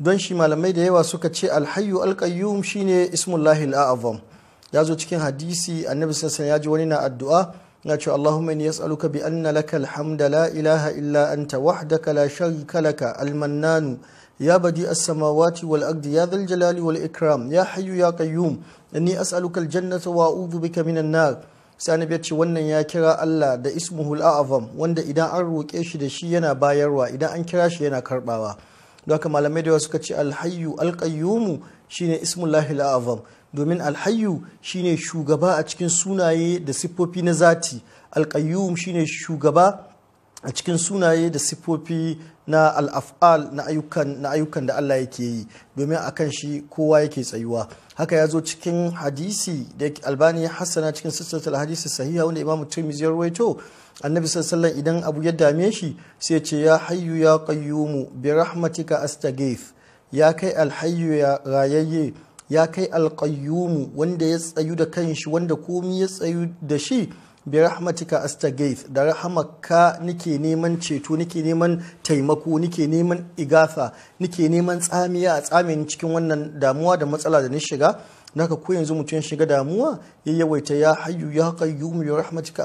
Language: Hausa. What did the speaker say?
don shi malamai da yawa suka ce alhayu alkayyum shine ismullahi al'azam ya zo cikin hadisi annabi sassan ya ji wani na addu'a ya ce Allahumma inni yas'aluka bi anna laka alhamda la ilaha illa anta wahdaka la sharika laka almannanu ya badi as-samawati wal ardi ya dhal jalali wal ikram ya hayyu ya qayyum inni as'aluka aljannata wa a'udhu bika minan nar sai annabi ya ce wannan ya kira Allah da ismuhul a'azam wanda idan an roke shi da shi yana bayarwa idan an kira shi yana karbawa don haka malamai da suka ce alhayu alkayyumu shine ismullahi la'azam domin alhayu shine shugaba a cikin sunaye da siffofi na zati alkayyum shine shugaba a cikin sunaye da sifofi na al'af'al na ayyukan na ayyukan da Allah yake yi domin a kan shi kowa yake tsayuwa haka ya zo cikin hadisi da albani hassana cikin sassantar hadisi sahiha wanda imam tirmidhi ya rawaito annabi sallallahu idan abu ya dame shi sai ce ya hayyu ya qayyumu bi rahmatika astagif ya kai alhayyu ya rayayye ya kai alqayyumu wanda ya tsayu da kanshi wanda komi ya tsayu da shi bi rahmatika astagaith da rahamaka nike neman ceto nike neman taimako nike neman igatha nike neman tsamiya a tsamin cikin wannan damuwa da matsala da ni shiga naka ko yanzu mutum shiga damuwa ya yawaita ya hayyu ya qayyum bi rahmatika